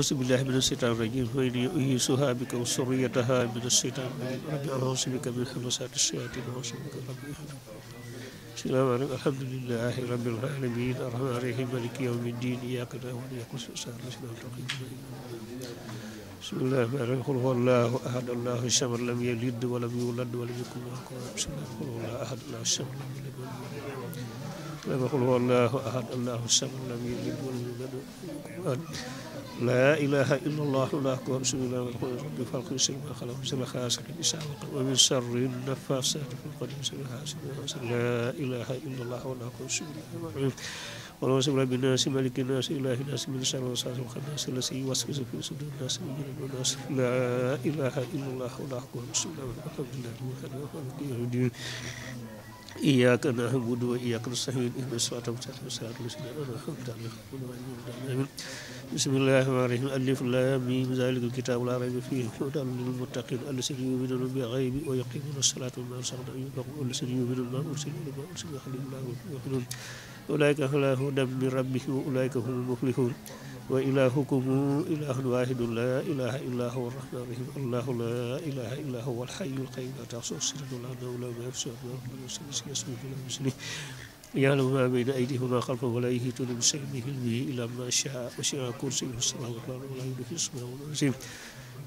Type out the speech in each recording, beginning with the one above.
أعوذ بالله من الشيطان الرجيم وإن يؤيسها بك وسريتها من الشيطان رب أعوذ بك من همسات الشياطين وأعوذ بك رب السلام عليكم الحمد لله رب العالمين الرحمن الرحيم مالك يوم الدين إياك نعبد وإياك نستعين اهدنا الصراط المستقيم bismillahi rahmaani rahiim xul huwa allahu ahad allahu samad lam yalid walam yulad walam yakun lahu kufuwan ahad bismillahi xul huwa allahu ahad allahu samad lam yalid xul huwa allahu ahad allahu samad lam yalid walam yulad walam yakun lahu kufuwan ahad laa ilaaha illa allah allahu akbar bismillahi rabbil falq min sharri ma xalaq min sharri xaasidin iza waqab wa min sharri nafaasaati fil uqad min sharri haasidin laa ilaaha illa allah wallahu akbar bismillahi rahmaani rahiim wala ma sabra bi naasi maliki naasi ilaahi naasi min sharri wasaasil xannaas allasi yuwaswisu fi suduuri naasi laa ilaaha illallaah wallaahu akbar alhamdulillaahi yawmi diin إياك نعبد وإياك نستعين إهدنا الصراط المستقيم صراط الذين أنعمت عليهم بسم الله الرحمن الرحيم ألف لام ميم ذلك الكتاب لا ريب فيه هدى للمتقين الذين يؤمنون بالغيب ويقيمون الصلاة وما أرسلنا ينفقون الذين يؤمنون بما أرسل وما أرسل إليه وما أرسل إليه أولئك على هدى من ربهم وأولئك هم المفلحون wa ilahukum ilahun wahidun la ilaha illa huwa arrahman rahim allahu la ilaha illa huwa alhayyul qayyum la taxsuhu sinatun wala nawmun wala nawm يعلم ما بين أيديهم وما خلفهم ولا يهيتون بشيء من علمه إلا ما شاء وسع كرسيه السماوات والأرض ولا يدرك اسمه العظيم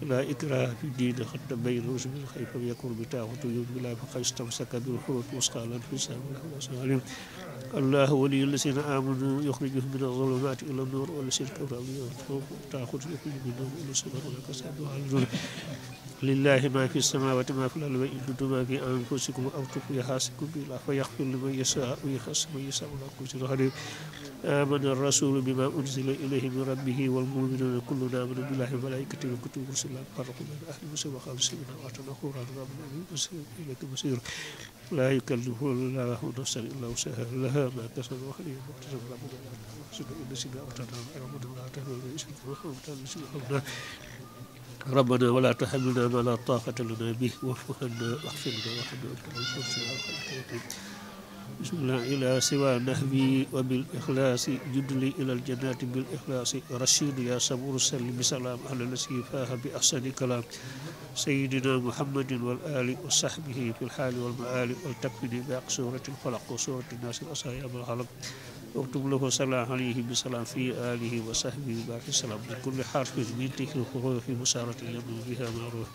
لا إكراه في الدين قد تبين رشد خيفا يكون بتاغوت بلا فقد استمسك بالحروف الوثقى لا انفصام له الله ولي الذين آمنوا يخرجهم من الظلمات إلى النور والذين كفروا ينفقون تاخذ يخرج منهم إلى الصبر وكسبوا على لله ما في السماوات ما في الأرض وإن ما في أنفسكم أو تخفوا يحاسبكم بالله فيغفر لمن يشاء ويخصم من يشاء ولا قوة آمن الرسول بما أنزل إليه من ربه والمؤمنون كلنا آمن بالله وملائكته وكتبه ورسله فرقوا بين أهل موسى وأصحاب السبيل وأعطانا قرآنا ربنا المسير إليك المسير لا يكلف الله نفسا إلا وسعها لها ما كسبت وخير ما اكتسبت ربنا إن سيدنا أعطانا ربنا أعطانا من إسمه وحمدنا ربنا ولا تحملنا ما لا طاقة لنا به واعف عنا واغفر لنا وارحمنا وأنت الغفور الرحيم jubla ila siwa nahwi wa bil ikhlasi judli ila aljannati bil ikhlasi rashidu ya saburu salli bi salaam ala lasi faaha bi ahsani kalam sayidina muhammadin wal ali wa sahbihi fi lhaali wal maali wal takfini bi aq surati lfalaq wa surati nasir asaya abal xalaq واكتب له صلاة عليه بسلام في آله وصحبه باقي السلام بكل حرف بيته وروح بشارة يبدو بها ما روح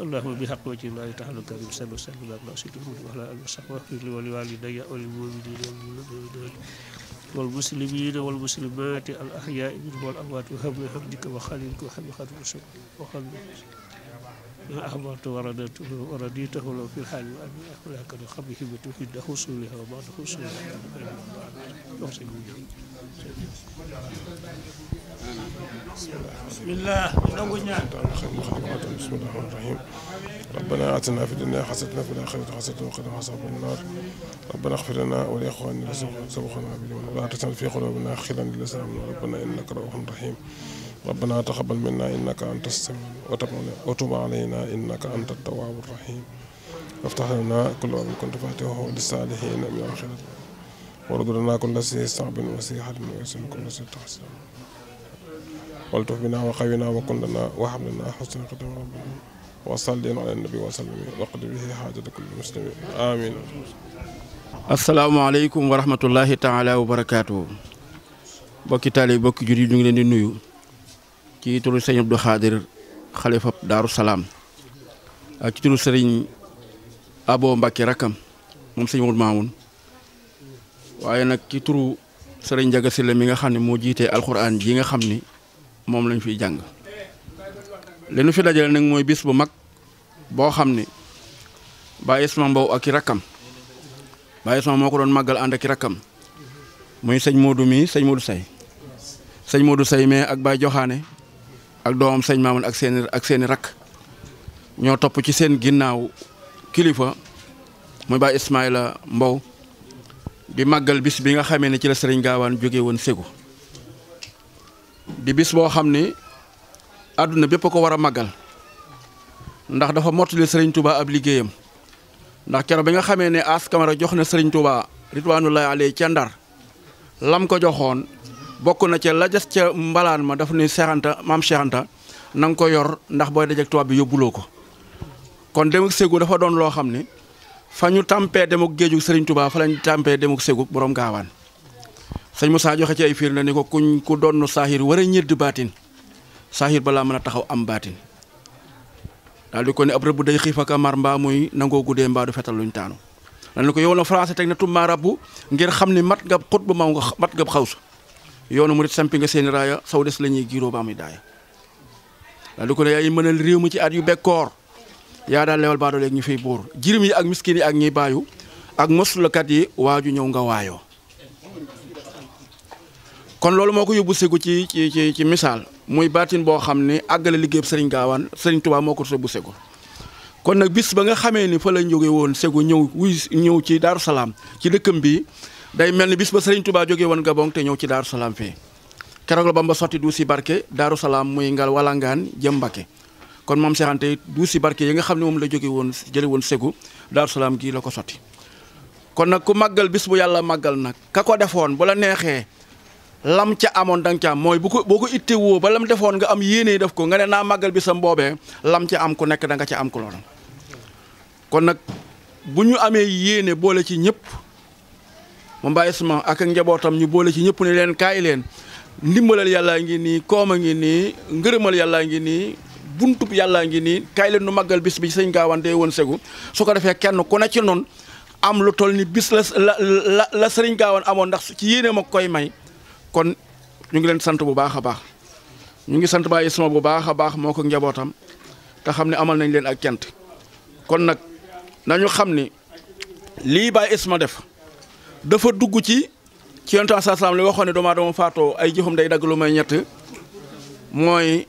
اللهم بحق وجه الله تعالى الكريم صلى الله عليه وسلم وعلى آله وصحبه واغفر لي ولوالدي وللمؤمنين والمؤمنات والمسلمين والمسلمات الأحياء منهم والأموات وهم حمدك وخالدك وحمد خالدك وشكرك وخالدك ما أحببت وردته ورديته له في الحال وأبي أخلاك لخبه بتوحيد حصولها وبعد حصولها بسم الله بسم الله الرحمن الرحيم ربنا آتنا في الدنيا حسنة وفي الآخرة حسنة وقنا عذاب النار ربنا اغفر لنا ولإخواننا الذين سبقونا بالإيمان ولا تجعل في قلوبنا خلا للذين آمنوا ربنا إنك رؤوف رحيم ربنا تقبل منا إنك أنت السميع وتب علينا إنك أنت التواب الرحيم وافتح لنا كل ما كنت فاتحه للصالحين من آخرة ورد لنا كل سي صعب وسيحة ويسر كل سي تحسن والتف بنا وقونا وكلنا وهب لنا حسن قدر ربنا وصل على النبي وسلم وقد به حاجة كل مسلم آمين asalaamaaleykum wa rahmatullahi taala wa barakaatu bokki taali bokki jur yi ñu ngi leen di nuyu ci turu sëñ Abdou Khadir xalifa Daaru Salaam ak ci turu sëriñ Abo Mbacke rakkam moom sëñ Mourou waaye nag ci turu sëriñ Ndiaga Sylla mi nga xam ne moo jiitee alxuraan ji nga xam ni moom lañ fi jàng li nu fi dajale nag mooy bis bu mag boo xam ni Baye suma Mbow ak i rakkam Baye Isma moo ko doon màggal ànd ak i rakkam muy sëñ Modou mii sëñ Say sëñ Modou Say mais ak Baye Joxaane ak doomam sëñ Mamoun ak seen ak seen i rakk ñoo topp ci seen ginnaaw kilifa muy baay Ismaïla Mbow di màggal bis bi nga xamee ne ci la sëriñ gaawaan jóge woon Ségou di bis boo xam ni àdduna bépp ko war a màggal ndax dafa mottali sëriñ Touba ab liggéeyam ndax keroog bi nga xamee ne As Camara jox na sëriñ Touba ritwaanullahi alayhi ca Ndar lam ko joxoon bokk na ca la des ca mbalaan ma dafa ni Cheikh Anta maam Cheikh Anta ko yor ndax booy dajeeg tubaab bi yóbbuloo ko kon demuk ségu dafa doon loo xam ne fa ñu tàmpee demuk géejug sëriñ Touba fa lañ tàmpee demuk ségu borom gaawaan sëñ Moussa joxe ci ay fiir na ni ko kuñ ku doon saahir war a ñëdd baatin saahir balaa mën a taxaw am baatin daal di ko ne ab rëbb day xiif ak mar mbaa muy nangoo guddee mbaa du fetal luñ taanu dañ ko yow na français teg na tummaa rabbu ngir xam ni mat nga xut bu maw nga yoonu murit sampi nga seen saw des la ñuy giiroo ba amuy daaya daal di ko ne yaay mënal réew mi ci at yu bekkoor yaa daal lewal baadoo léegi ñu fi buur jirim yi ak miskin yi ak ñiy baayu ak mosulakat yi waaju ñëw nga waayoo kon loolu moo ko yóbbu segu ci ci ci ci misaal muy baatin boo xam ne àggale liggéeyam sëriñ gaawaan sëriñ Tuubaa moo ko yóbbu segu kon nag bis ba nga xamee ni fa la jóge woon segu ñëw wuy ñëw ci Daaru Salaam ci dëkkam bi day mel ni bis ba Serigne Touba jógee woon Gabon te ñëw ci Daaru Salaam fii keroog la Bamba sotti duusi barke Daaru Salaam muy ngal walangaan jëm Mbakke kon moom Cheikh Anta duusi barke yi nga xam ne moom la jóge woon jële woon Segu Daaru Salaam gii la ko sotti kon nag ku màggal bis bu yàlla màggal nag ka ko defoon bu la neexee lam ca amoon da ca am mooy bu ko boo ko itte woo ba lam defoon nga am yéene def ko nga ne naa màggal bisam boobee lam ca am ku nekk da nga ca am ku lool kon nag bu ñu amee yéene boole ci ñëpp. moom Baye Isma ak njabootam ñu boole ci ñëpp ne leen kaay leen ndimbalal yàllaa ngi nii kooma ngi nii ngërëmal yàllaa ngi nii buntub yàllaa ngi nii kaay leen nu màggal bis bi sëñ gaawante woon segu su ko defee kenn ku ne ci noonu am lu toll ni bis la la la sëriñ gaawaan amoon ndax ci yéene ma koy may kon ñu ngi leen sant bu baax a baax ñu ngi sant Baye Isma bu baax a baax moo ko njabootam te xam ne amal nañ leen ak cant kon nag nañu xam ni lii Baye Isma def dafa dugg ci ci yonent bi salaam li waxoon ne doomu aadama faatoo ay jëfam day dagg lu may ñett mooy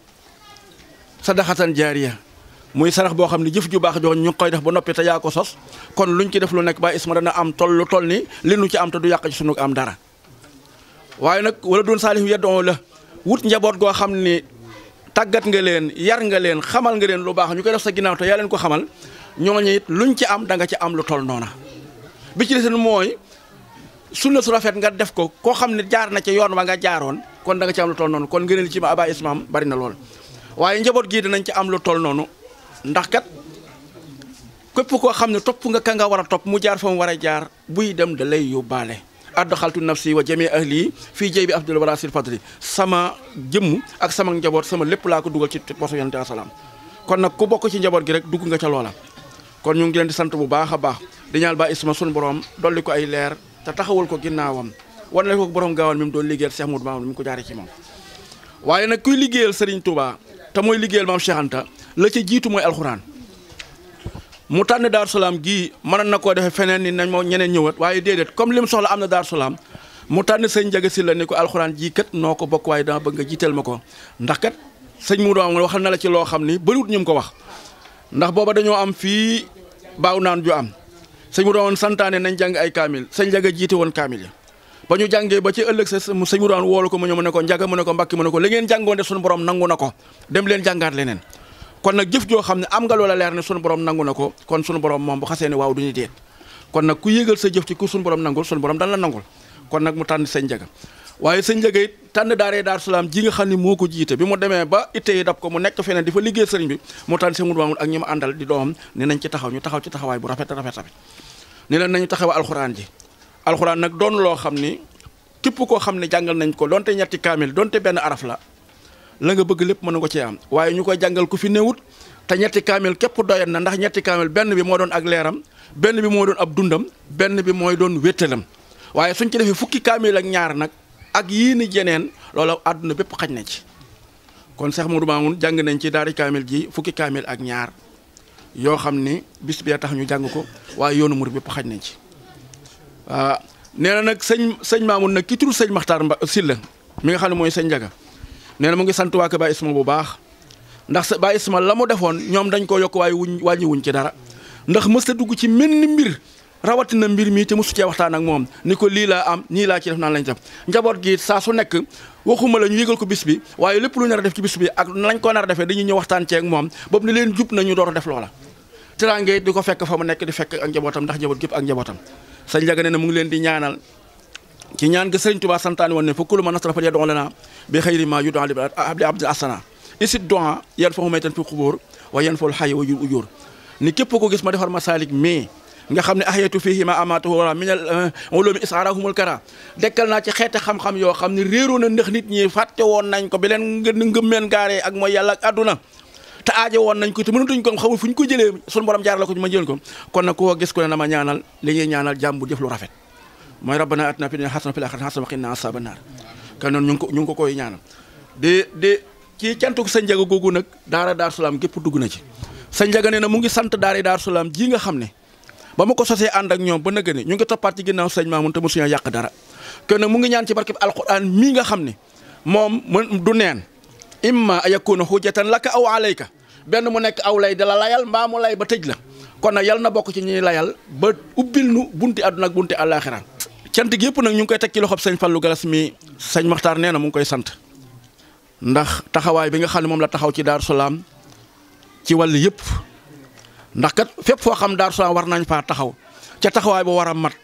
sadaxatan jaariya muy sarax boo xam ne jëf ju baax jox ñu koy def ba noppi te yaa ko sos kon luñ ci def lu nekk ba isma dana am toll lu toll ni li nu ci am te du yàq ci sunu am dara waaye nag wala doon saalihim yeddoo la wut njaboot goo xam ni tàggat nga leen yar nga leen xamal nga leen lu baax ñu koy def sa ginnaaw te yaa leen ko xamal ñooñu it luñ ci am da ci am lu toll noona sunna su rafet nga def ko koo xam ne jaar na ca yoon wa nga jaaroon kon danga nga ci am lu toll noonu kon ngëneel ci ma aba ismaam bari na lool waaye njaboot gii dinañ ci am lu toll noonu ndax kat képp koo xam ne topp nga ka nga war a topp mu jaar fa mu war a jaar buy dem da lay yóbbaale adda xaltu nafsi wa jami ahli fii jëy bi abdul wara sil fadli sama jëmm ak sama njaboot sama lépp laa ko dugal ci poso yonente asalaam kon nag ku bokk ci njaboot gi rek dugg nga ca loola kon ñu ngi leen di sant bu baax a baax di ñaal ba isma sun borom ko ay leer te taxawul ko ginnaawam wan la ko borom gaawaan mi mu doon liggéeyal Cheikh Moudou Mamoun mi mu ko jaaree ci moom waaye nag kuy liggéeyal Serigne Touba te mooy liggéeyal maam Cheikh Anta la ci jiitu mooy alxuraan mu tànn Daaru Salaam gii mënoon na koo defe feneen ni nañ moo ñeneen ñëwaat waaye déedéet comme li mu soxla am na Daaru Salaam mu tànn sëñ si la ni ko alxuraan jii kat noo ko bokk waaye dama bëgg nga jiital ma ko ndax kat sëñ Moudou Mamoun waxal na la ci loo xam ni bëriwut ñu ko wax ndax booba dañoo am fii baaw naan ju am sëñ mu daan santaane nañ jàng ay kaamil sëñ njaga jiite woon kaamil ya ba ñu jàngee ba ci ëllëg sa sëñ mu daan woolu ko mu ñëw mu ne ko njaga mu ne ko mbàkki mu ne ko li ngeen jàngoon de sunu borom nangu na ko dem leen jàngaat leneen kon nag jëf joo xam ne am nga loola leer ne sunu borom nangu na ko kon sunu borom moom bu xasee ne waaw du ñu déet kon nag ku yéegal sa jëf ci ku sunu borom nangul sunu borom dan la nangul kon nag mu tànn sëñ njaga waaye sëñ Ndiaga tànn daaree Daaru Salaam ji nga xam ni moo ko jiite bi mu demee ba itte yi dab ko mu nekk feneen di fa liggéey sëriñ bi moo tànn Sëñ Mudu Maamun ak ñi ma àndal di doom ne nañ ci taxaw ñu taxaw ci taxawaay bu rafet rafet rafet ne leen nañu taxaw alxuraan ji alxuraan nag doon loo xam ni képp koo xam ne jàngal nañ ko donte ñetti kaamil donte benn araf la la nga bëgg lépp mën na ko cee am waaye ñu koy jàngal ku fi newut te ñetti kaamil képp doyat na ndax ñetti kaamil benn bi moo doon ak leeram benn bi moo doon ab dundam benn bi mooy doon wéttalam waaye suñ ci defee fukki kaamil ak ñaar nag ak yéen i jeneen loola àdduna bépp xaj nañ ci kon Cheikh Modou Mamoun jàng nañ ci daari kaamil ji fukki kaamil ak ñaar yoo xam ni bis tax ñu jàng ko waaye yoonu murid bépp xaj nañ ci waaw ah, na nag sëñ sëñ Mamoun nag ki tur sëñ Maxtaar Mba Silla mi nga xam ne mooy sëñ Njaga nee na mu ngi sant waa Kër Baay Isma bu baax ndax sa Baay suma la mu defoon ñoom dañ koo yokk waaye wuñ wàññi wuñ ci dara ndax mës dugg ci menn mbir rawatina mbir mii te mosu cee waxtaan moom ni ko lii laa am nii laa ci def naan lañ def njaboot gi saa su nekk waxuma ñu yëgal ko bis bi waaye lépp lu nar a def ci bis bi ak lañ ko nar a defee dañuy waxtaan ceeg moom boobu ni leen jub nañu door def loola teraange di ko fekk fa mu nekk di fekk ak njabootam ndax njaboot gépp ak njabootam sañ jaga ne ne leen di ñaanal ci ñaan ga sëriñ Tuubaa santaane woon ne fa kullu man asrafa yad'u lana bi xayri ma yud'a li abdi asana ko gis ma defar masaalik mais nga xam ne ahyatu fihi ma amatahu wala min al uh, ulumi israrahumul kara dekkal naa ci xeeti xam-xam yoo xam ne réeru na ndax nit ñi fàtte woon nañ ko bi leen ngëm meen gaaree ak mooy yàlla ak àdduna te aaje nañ ko mënatuñ ko xamul fu ñu ko jëlee suñu borom jaar la ko ma jël ko kon nag koo gis ko ne a ma ñaanal ñaanal jàmm bu jëf lu rafet mooy rabbana atina fid dunya hasanatan wa fil akhirati naa wa qina azaban nar kan ko ñu ngi ko koy ñaanal de de ci cantuk sa njaga googu nag daara Daaru Salaam gépp dugg na ci sa njaga nee na mu ngi sant daara Daaru Salaam ji nga xam ne ba ma ko sosee ànd ak ñoom ba nëgë ni ñu ngi toppaat ci ginnaaw sëñ Mamoun te mosuñoo yàq dara kon mu ngi ñaan ci barkeb alquran mii nga xam ne moom du neen imma ayakuna hujjatan laka aw alayka benn mu nekk aw lay dala layal mbaa mu lay ba tëj la kon nag yal na bokk ci ñuy layal ba ubbil nu bunti àdduna ak bunti àllaaxira cant gi yëpp nag ñu ngi koy teg ci loxob sëñ Fallou Galas mii sañ Maxtaar nee na mu ngi koy sant ndax taxawaay bi nga xam ne moom la taxaw ci Daaru Salaam ci wàll yëpp ndax kat fépp foo xam Darou Salaam war nañ faa taxaw ca taxawaay ba war a mat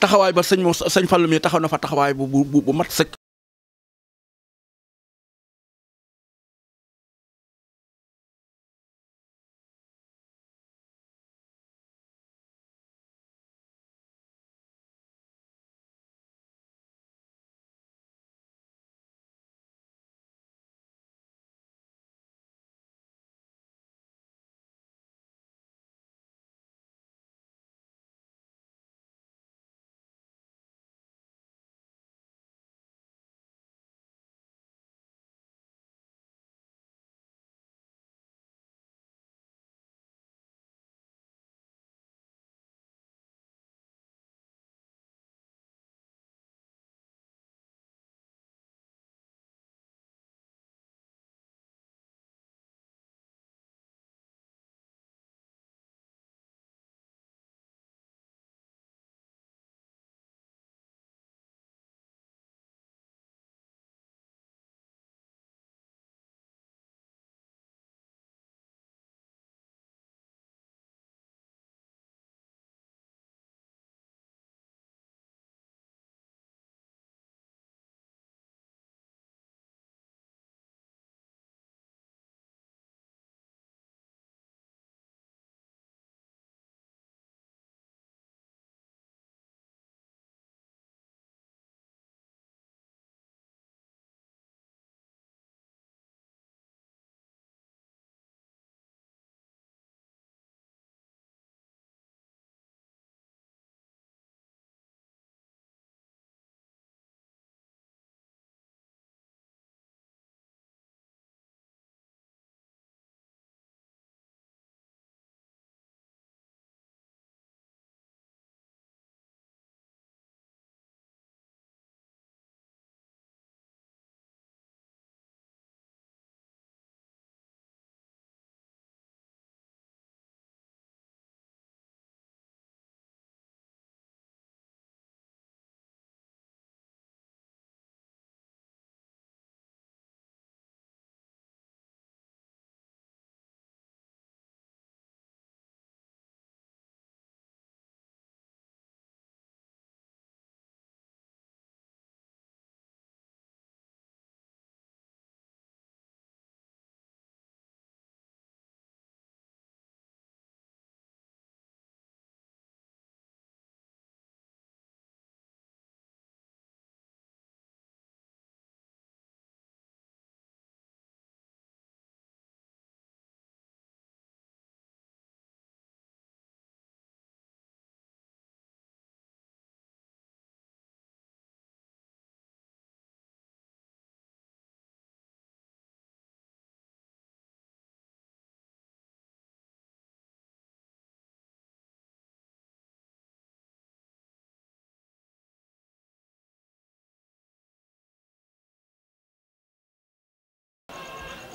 taxawaay ba sëñ moo sëñ Fallu mi taxaw na fa taxawaay bu bu bu mat sëkk.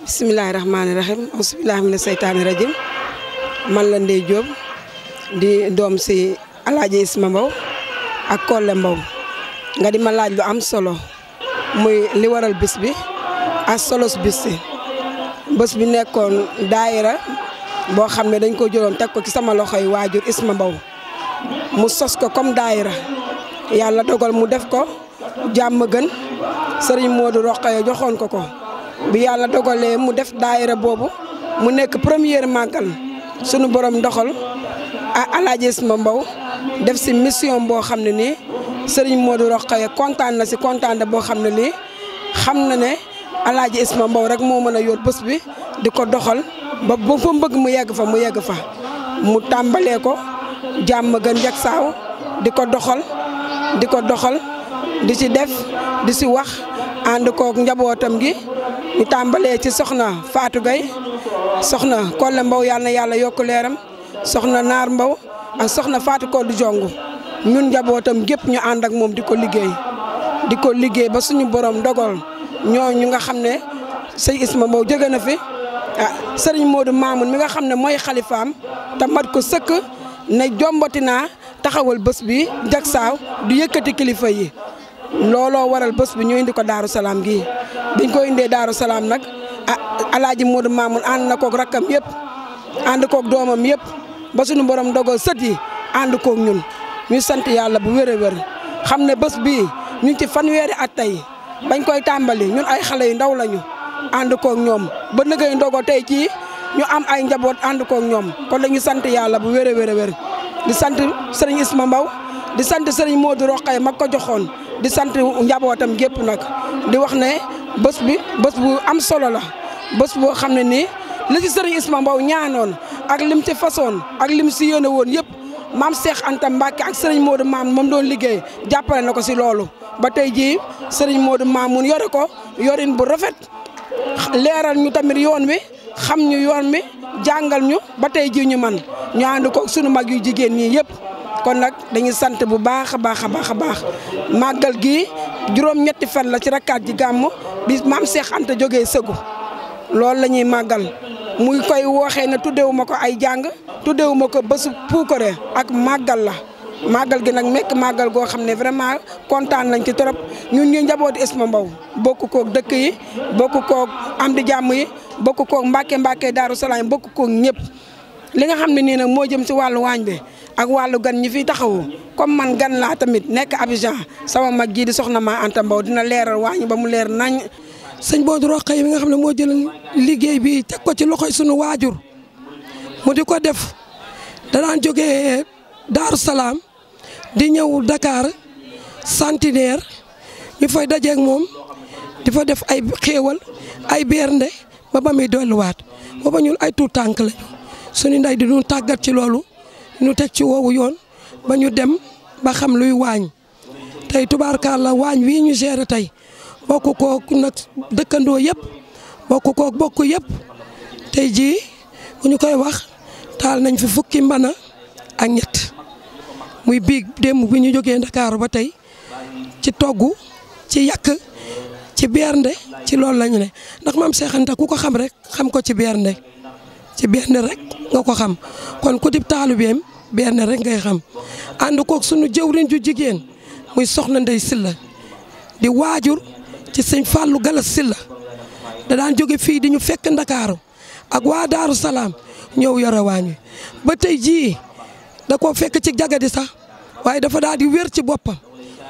bisimilahi rahmaani rahim ausubilahi mina seytaani rajim man la Ndeye Diop di doom si alaaji Isma Mbow ak Kolle Mbow nga di ma laaj lu am solo muy li waral bis bi ak solo bis si bés bi nekkoon daayira boo xam ne dañ ko jëloon teg ko ci sama loxoy waajur Isma Mbow mu sos ko comme daayira yàlla dogal mu def ko jàmm gën sëriñ Modou Rokhaya joxoon ko ko bi yàlla dogalee mu def daayira boobu mu nekk première màggal sunu borom doxal ah Alaaji Isma Mbow def si mission boo xam ne nii Serigne Modou Rokhaya kontaan na si kontaan na boo xam ne nii xam na ne Alaaji Isma Mbow rek moo mën a yor bës bi di ko doxal ba ba mbëgg mu yegg fa mu yegg fa mu tàmbalee ko jàmm gën jag saaw di ko doxal di ko doxal di ci def di ci wax ànd kook njabootam gi ñu tàmbalee ci soxna Fatou Gueye soxna Kolle mbaw yàlla yàlla yokk leeram soxna Naar mbaw ak soxna Fatou Kolle Jongu ñun njabootam gépp ñu ànd ak moom di ko liggéey di ko liggéey ba suñu borom ndogol ñoo ñu nga xam ne sëñ Isma Mbow jóge na fi ah sëriñ Modou mi nga xam ne mooy xalifaam te mat ko sëkk ne jombati naa taxawal bës bi jagsaaw du yëkkati kilifa yi looloo waral bés bi ñu indi ko Daaru Salaam gii biñ ko indee Daaru Salaam nag ah Alaaji Modou Mamoun ànd na koog rakkam yëpp ànd koog doomam yëpp ba suñu borom dogal sët yi ànd koog ñun ñuy sant yàlla bu wér a wér xam ne bés bi ñu ci fan fanweeri at tey bañ koy tàmbali ñun ay xale yu ndaw lañu ànd koog ñoom ba nëgëy ndogo tey ci ñu am ay njaboot ànd koog ñoom kon dañu sant yàlla bu wér a wér di sant sëriñ Isma Mbaw di sant sëriñ Modou Roqay mag ko joxoon di sant njabootam gépp nag di wax ne bés bi bés bu am solo la bés boo xam ne nii li ci sëriñ Isma Mbow ñaanoon ak lim ci façon ak lim si yéene woon yëpp maam Cheikh Anta Mbacke ak sëriñ Modou Maam moom doon liggéey jàppale na ko si loolu ba tey jii sëriñ Modou Maam mun yore ko yorin bu rafet leeral ñu tamit yoon wi xam ñu yoon wi jàngal ñu ba tey jii ñu man ñu ànd ko sunu mag yu jigéen ñii yëpp. kon nag dañuy sant bu baax a baax a baax a baax màggal gi juróom-ñetti fan la ci rakkaat ji gàmm bi maam Cheikh Anta jógee sëgu loolu la ñuy màggal muy koy wooxee ne tuddewu ma ko ay jàng tuddewu ko bésu puukare ak màggal la màggal gi nag mekk màggal goo xam ne vraiment kontaan nañ ci trop ñu ñu njaboot Isma Mbow bokk koog dëkk yi bokk koog am di jàmm yi bokk koog mbàkke mbàkke daaru salaam bokk koog ñëpp li nga xam ne nii nag moo jëm si wàllu waañ bi ak wàllu gan ñi fiy taxawu comme man gan laa tamit nekk Abidjan sama mag jii di soxna maa Anta Mbow dina leeral waañu ba mu leer nañ sëñ Boodu Roqe yi nga xam ne moo jël liggéey bi teg ko ci loxoy sunu waajur mu di ko def danaan jógee Daaru Salaam di ñëw dakaar centenaire ñu fay dajeeg moom di fa def ay xéewal ay bernde ba ba muy dolliwaat booba ñun ay tuut tànk lañu sunu ndey di ñu tàggat ci loolu. ñu teg ci woowu yoon ba ñu dem ba xam luy waañ tey la waañ wii ñu gérer tey bokk kook nag dëkkandoo yëpp bokk kook bokk yépp tey jii bu ñu koy wax taal nañ fi fukki mbana ak ñett muy biig démb bi ñu jógee Ndakaaru ba tey ci toggu ci yàq ci nde ci loolu lañu ne ndax maam Seex ku ko xam rek xam ko ci bernde ci bernde rek nga ko xam kon ku dib taalubeem benn rek ngay xam ànd koog sunu jëwriñ ju jigéen muy soxna Ndey Silla di waajur ci sëñ Fallou Galas Silla da daan jóge fii di ñu fekk Ndakaaru ak waa Daaru Salaam ñëw yore waañ ba tey jii da koo fekk ci jagadi sax waaye dafa daal di wér ci boppam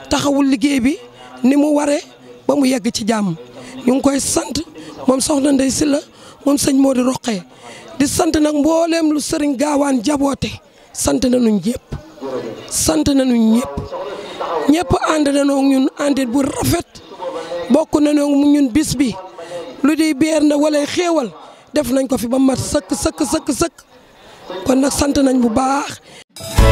taxawul liggéey bi ni mu waree ba mu yegg ci jàmm ñu ngi koy sant moom soxna Ndey Silla moom sëñ moo di roqee di sant nag mbooleem lu sëriñ gaawaan jaboote sant nañu ñëpp sant nañu ñëpp ñëpp ànd nañoo ñun àndit bu rafet bokk nañoo ñun bis bi lu di beer na wala xéewal def nañ ko fi ba mat sëkk sëkk sëkk sëkk kon nag sant nañ bu baax.